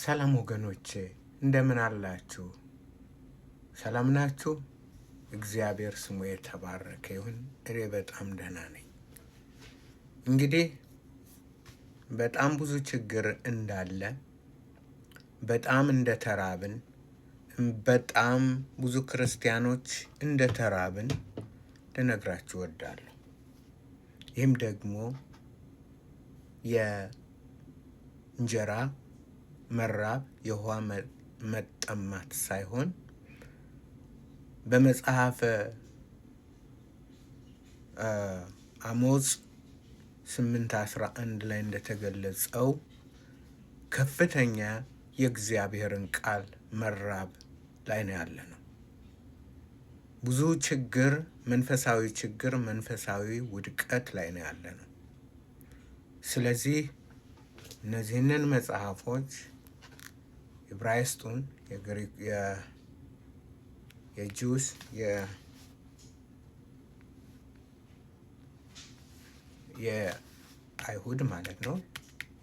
ሰላም ወገኖቼ እንደምን አላችሁ? ሰላም ናችሁ? እግዚአብሔር ስሙ የተባረከ ይሁን። እኔ በጣም ደህና ነኝ። እንግዲህ በጣም ብዙ ችግር እንዳለ፣ በጣም እንደተራብን፣ በጣም ብዙ ክርስቲያኖች እንደተራብን ልነግራችሁ እወዳለሁ። ይህም ደግሞ የእንጀራ መራብ የውሃ መጠማት ሳይሆን በመጽሐፈ አሞጽ አንድ ላይ እንደተገለጸው ከፍተኛ የእግዚአብሔርን ቃል መራብ ላይ ነው ያለ ነው። ብዙ ችግር፣ መንፈሳዊ ችግር፣ መንፈሳዊ ውድቀት ላይ ነው ያለ ነው። ስለዚህ እነዚህንን መጽሐፎች የዕብራይስጡን፣ የጁስ፣ የአይሁድ ማለት ነው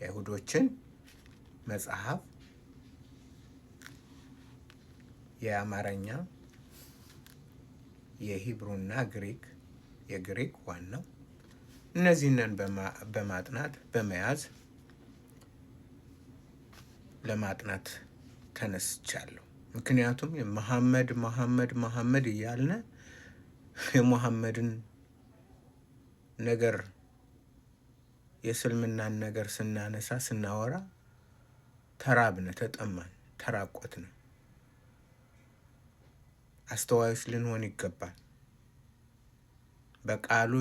የአይሁዶችን መጽሐፍ የአማርኛ፣ የሂብሩና ግሪክ የግሪክ ዋናው እነዚህንን በማጥናት በመያዝ ለማጥናት ተነስቻለሁ። ምክንያቱም መሐመድ መሐመድ መሐመድ እያልን የሙሐመድን ነገር የእስልምናን ነገር ስናነሳ ስናወራ ተራብነ፣ ተጠማን፣ ተራቆትነ። አስተዋዮች ልንሆን ይገባል። በቃሉ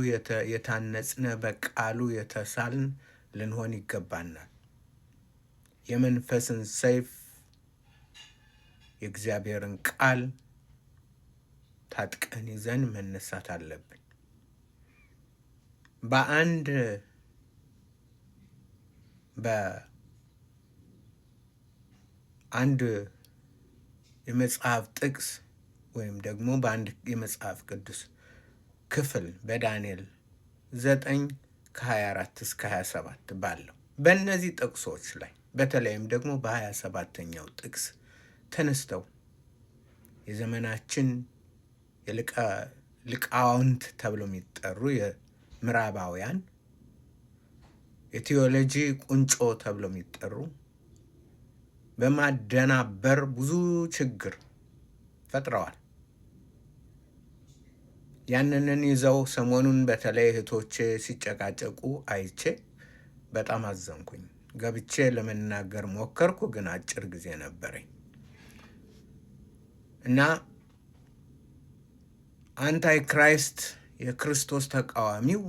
የታነጽነ፣ በቃሉ የተሳልን ልንሆን ይገባናል። የመንፈስን ሰይፍ የእግዚአብሔርን ቃል ታጥቀን ይዘን መነሳት አለብን። በአንድ በአንድ የመጽሐፍ ጥቅስ ወይም ደግሞ በአንድ የመጽሐፍ ቅዱስ ክፍል በዳንኤል ዘጠኝ ከ24 እስከ 27 ባለው በእነዚህ ጥቅሶች ላይ በተለይም ደግሞ በ27ተኛው ጥቅስ ተነስተው የዘመናችን ሊቃውንት ተብሎ የሚጠሩ የምዕራባውያን የቴዎሎጂ ቁንጮ ተብሎ የሚጠሩ በማደናበር ብዙ ችግር ፈጥረዋል። ያንንን ይዘው ሰሞኑን በተለይ እህቶቼ ሲጨቃጨቁ አይቼ በጣም አዘንኩኝ። ገብቼ ለመናገር ሞከርኩ፣ ግን አጭር ጊዜ ነበረኝ። እና አንታይ ክራይስት የክርስቶስ ተቃዋሚው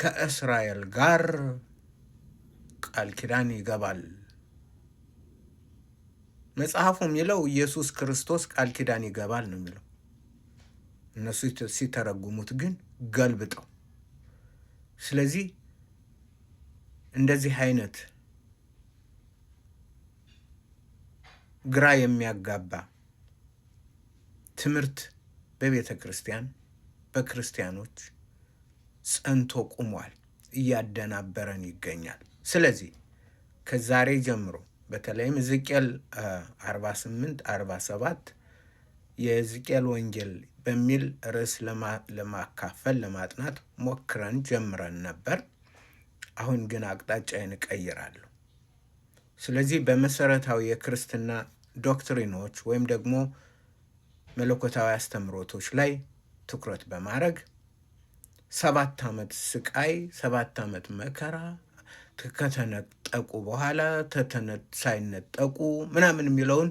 ከእስራኤል ጋር ቃል ኪዳን ይገባል። መጽሐፉ የሚለው ኢየሱስ ክርስቶስ ቃል ኪዳን ይገባል ነው የሚለው። እነሱ ሲተረጉሙት ግን ገልብጠው። ስለዚህ እንደዚህ አይነት ግራ የሚያጋባ ትምህርት በቤተ ክርስቲያን በክርስቲያኖች ጸንቶ ቁሟል፣ እያደናበረን ይገኛል። ስለዚህ ከዛሬ ጀምሮ በተለይም ሕዝቅኤል 48 47 የሕዝቅኤል ወንጌል በሚል ርዕስ ለማካፈል ለማጥናት ሞክረን ጀምረን ነበር። አሁን ግን አቅጣጫዬን እቀይራለሁ። ስለዚህ በመሰረታዊ የክርስትና ዶክትሪኖች ወይም ደግሞ መለኮታዊ አስተምሮቶች ላይ ትኩረት በማድረግ ሰባት ዓመት ስቃይ፣ ሰባት ዓመት መከራ ከተነጠቁ በኋላ ሳይነጠቁ ምናምን የሚለውን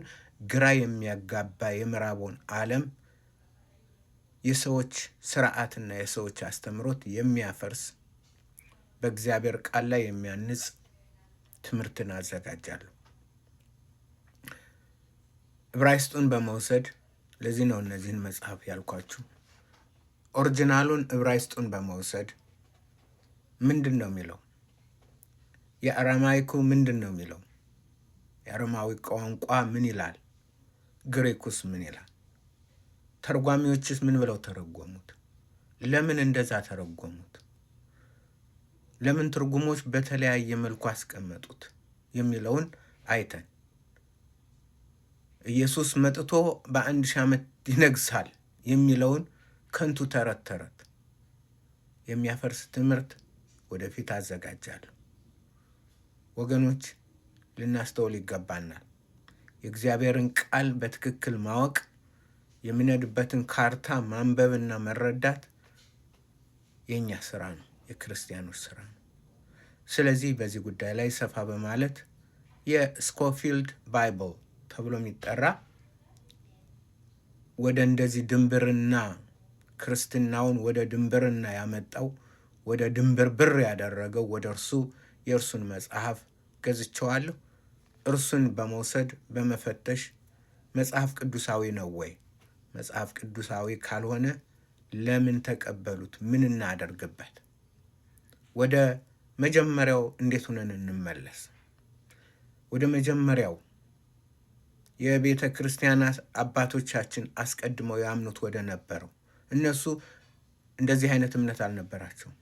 ግራ የሚያጋባ የምዕራቡን ዓለም የሰዎች ስርዓትና የሰዎች አስተምሮት የሚያፈርስ በእግዚአብሔር ቃል ላይ የሚያንጽ ትምህርትን አዘጋጃለሁ። ዕብራይስጡን በመውሰድ ለዚህ ነው እነዚህን መጽሐፍ ያልኳችሁ። ኦሪጂናሉን ዕብራይስጡን በመውሰድ ምንድን ነው የሚለው? የአረማይኩ ምንድን ነው የሚለው? የአረማዊ ቋንቋ ምን ይላል? ግሪኩስ ምን ይላል? ተርጓሚዎችስ ምን ብለው ተረጎሙት? ለምን እንደዛ ተረጎሙት? ለምን ትርጉሞች በተለያየ መልኩ አስቀመጡት የሚለውን አይተን ኢየሱስ መጥቶ በአንድ ሺህ ዓመት ይነግሳል የሚለውን ከንቱ ተረት ተረት የሚያፈርስ ትምህርት ወደፊት አዘጋጃለሁ። ወገኖች ልናስተውል ይገባናል። የእግዚአብሔርን ቃል በትክክል ማወቅ፣ የምንሄድበትን ካርታ ማንበብና መረዳት የእኛ ስራ ነው፣ የክርስቲያኖች ስራ ነው። ስለዚህ በዚህ ጉዳይ ላይ ሰፋ በማለት የስኮፊልድ ባይብል ተብሎ የሚጠራ ወደ እንደዚህ ድንብርና ክርስትናውን ወደ ድንብርና ያመጣው ወደ ድንብር ብር ያደረገው ወደ እርሱ የእርሱን መጽሐፍ ገዝቸዋለሁ። እርሱን በመውሰድ በመፈተሽ መጽሐፍ ቅዱሳዊ ነው ወይ? መጽሐፍ ቅዱሳዊ ካልሆነ ለምን ተቀበሉት? ምን እናደርግበት? ወደ መጀመሪያው እንዴት ሆነን እንመለስ? ወደ መጀመሪያው የቤተ ክርስቲያን አባቶቻችን አስቀድመው ያምኑት ወደ ነበረው እነሱ እንደዚህ አይነት እምነት አልነበራቸውም።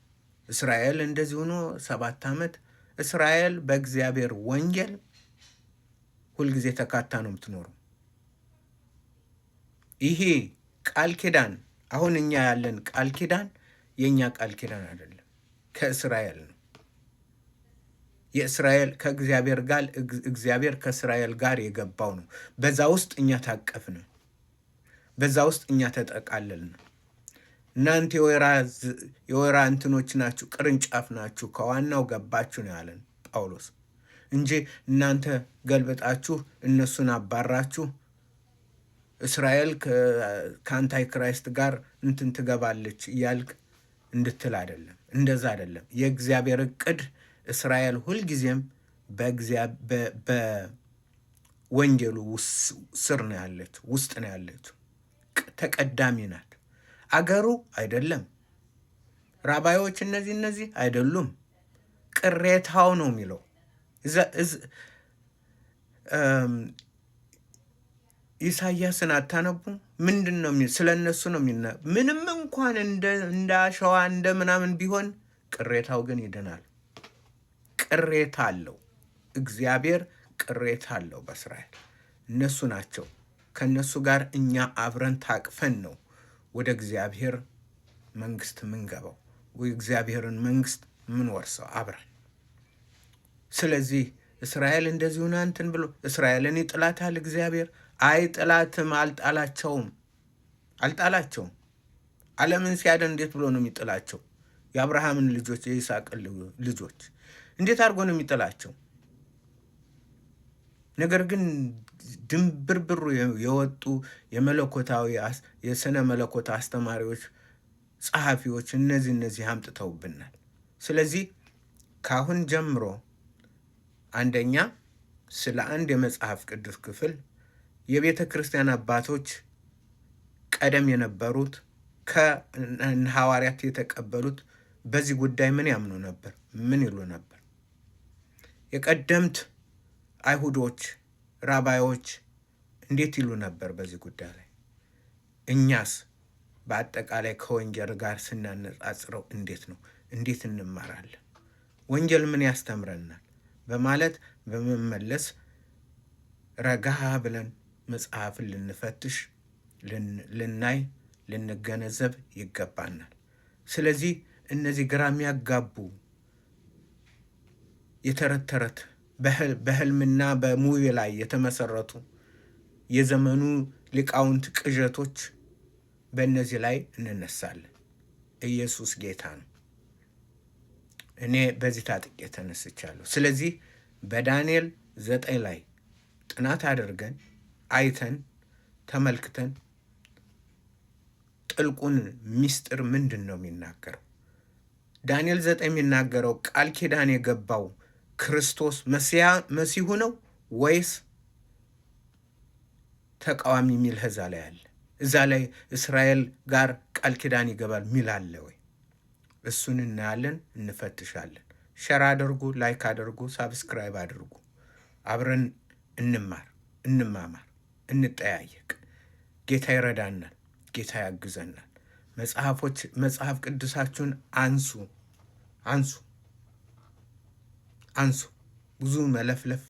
እስራኤል እንደዚህ ሆኖ ሰባት ዓመት እስራኤል በእግዚአብሔር ወንጌል ሁልጊዜ ተካታ ነው የምትኖረው። ይሄ ቃል ኪዳን አሁን እኛ ያለን ቃል ኪዳን የእኛ ቃል ኪዳን አይደለም፣ ከእስራኤል ነው። የእስራኤል ከእግዚአብሔር ጋር እግዚአብሔር ከእስራኤል ጋር የገባው ነው። በዛ ውስጥ እኛ ታቀፍን፣ በዛ ውስጥ እኛ ተጠቃለልን። እናንተ የወይራ እንትኖች ናችሁ፣ ቅርንጫፍ ናችሁ፣ ከዋናው ገባችሁ ነው ያለን ጳውሎስ እንጂ እናንተ ገልበጣችሁ እነሱን አባራችሁ እስራኤል ከአንታይ ክራይስት ጋር እንትን ትገባለች እያልክ እንድትል አይደለም። እንደዛ አይደለም የእግዚአብሔር እቅድ እስራኤል ሁልጊዜም በወንጌሉ ስር ነው ያለች ውስጥ ነው ያለች፣ ተቀዳሚ ናት። አገሩ አይደለም። ራባዮች እነዚህ እነዚህ አይደሉም። ቅሬታው ነው የሚለው ኢሳያስን አታነቡ? ምንድን ነው ስለ እነሱ ነው የሚና ምንም እንኳን እንደ አሸዋ እንደ ምናምን ቢሆን ቅሬታው ግን ይድናል። ቅሬታ አለው። እግዚአብሔር ቅሬታ አለው በእስራኤል እነሱ ናቸው። ከእነሱ ጋር እኛ አብረን ታቅፈን ነው ወደ እግዚአብሔር መንግስት ምንገባው፣ እግዚአብሔርን መንግስት ምንወርሰው አብረን። ስለዚህ እስራኤል እንደዚሁ ናንትን ብሎ እስራኤልን ይጥላታል እግዚአብሔር? አይ ጥላትም፣ አልጣላቸውም፣ አልጣላቸውም። ዓለምን ሲያደን እንዴት ብሎ ነው የሚጥላቸው? የአብርሃምን ልጆች የይስሐቅን ልጆች እንዴት አድርጎ ነው የሚጥላቸው? ነገር ግን ድንብርብሩ የወጡ የመለኮታዊ የስነ መለኮት አስተማሪዎች፣ ጸሐፊዎች እነዚህ እነዚህ አምጥተውብናል። ስለዚህ ካሁን ጀምሮ አንደኛ ስለ አንድ የመጽሐፍ ቅዱስ ክፍል የቤተ ክርስቲያን አባቶች ቀደም የነበሩት ከሐዋርያት የተቀበሉት በዚህ ጉዳይ ምን ያምኑ ነበር? ምን ይሉ ነበር? የቀደምት አይሁዶች ራባዮች እንዴት ይሉ ነበር በዚህ ጉዳይ ላይ? እኛስ በአጠቃላይ ከወንጀል ጋር ስናነጻጽረው እንዴት ነው? እንዴት እንማራለን? ወንጀል ምን ያስተምረናል? በማለት በመመለስ ረጋ ብለን መጽሐፍን ልንፈትሽ፣ ልናይ፣ ልንገነዘብ ይገባናል። ስለዚህ እነዚህ ግራ የሚያጋቡ የተረት ተረት በህልምና በሙቪ ላይ የተመሰረቱ የዘመኑ ሊቃውንት ቅዠቶች በእነዚህ ላይ እንነሳለን። ኢየሱስ ጌታ ነው። እኔ በዚህ ታጥቄ ተነስቻለሁ። ስለዚህ በዳንኤል ዘጠኝ ላይ ጥናት አድርገን አይተን ተመልክተን ጥልቁን ምስጢር ምንድን ነው የሚናገረው? ዳንኤል ዘጠኝ የሚናገረው ቃል ኪዳን የገባው ክርስቶስ መሲሁ ነው ወይስ ተቃዋሚ የሚል ህዛ ላይ አለ? እዛ ላይ እስራኤል ጋር ቃል ኪዳን ይገባል ሚል አለ ወይ? እሱን እናያለን፣ እንፈትሻለን። ሸር አድርጉ፣ ላይክ አድርጉ፣ ሳብስክራይብ አድርጉ። አብረን እንማር፣ እንማማር፣ እንጠያየቅ። ጌታ ይረዳናል፣ ጌታ ያግዘናል። መጽሐፎች መጽሐፍ ቅዱሳችሁን አንሱ አንሱ አንሶ ብዙ መለፍለፍ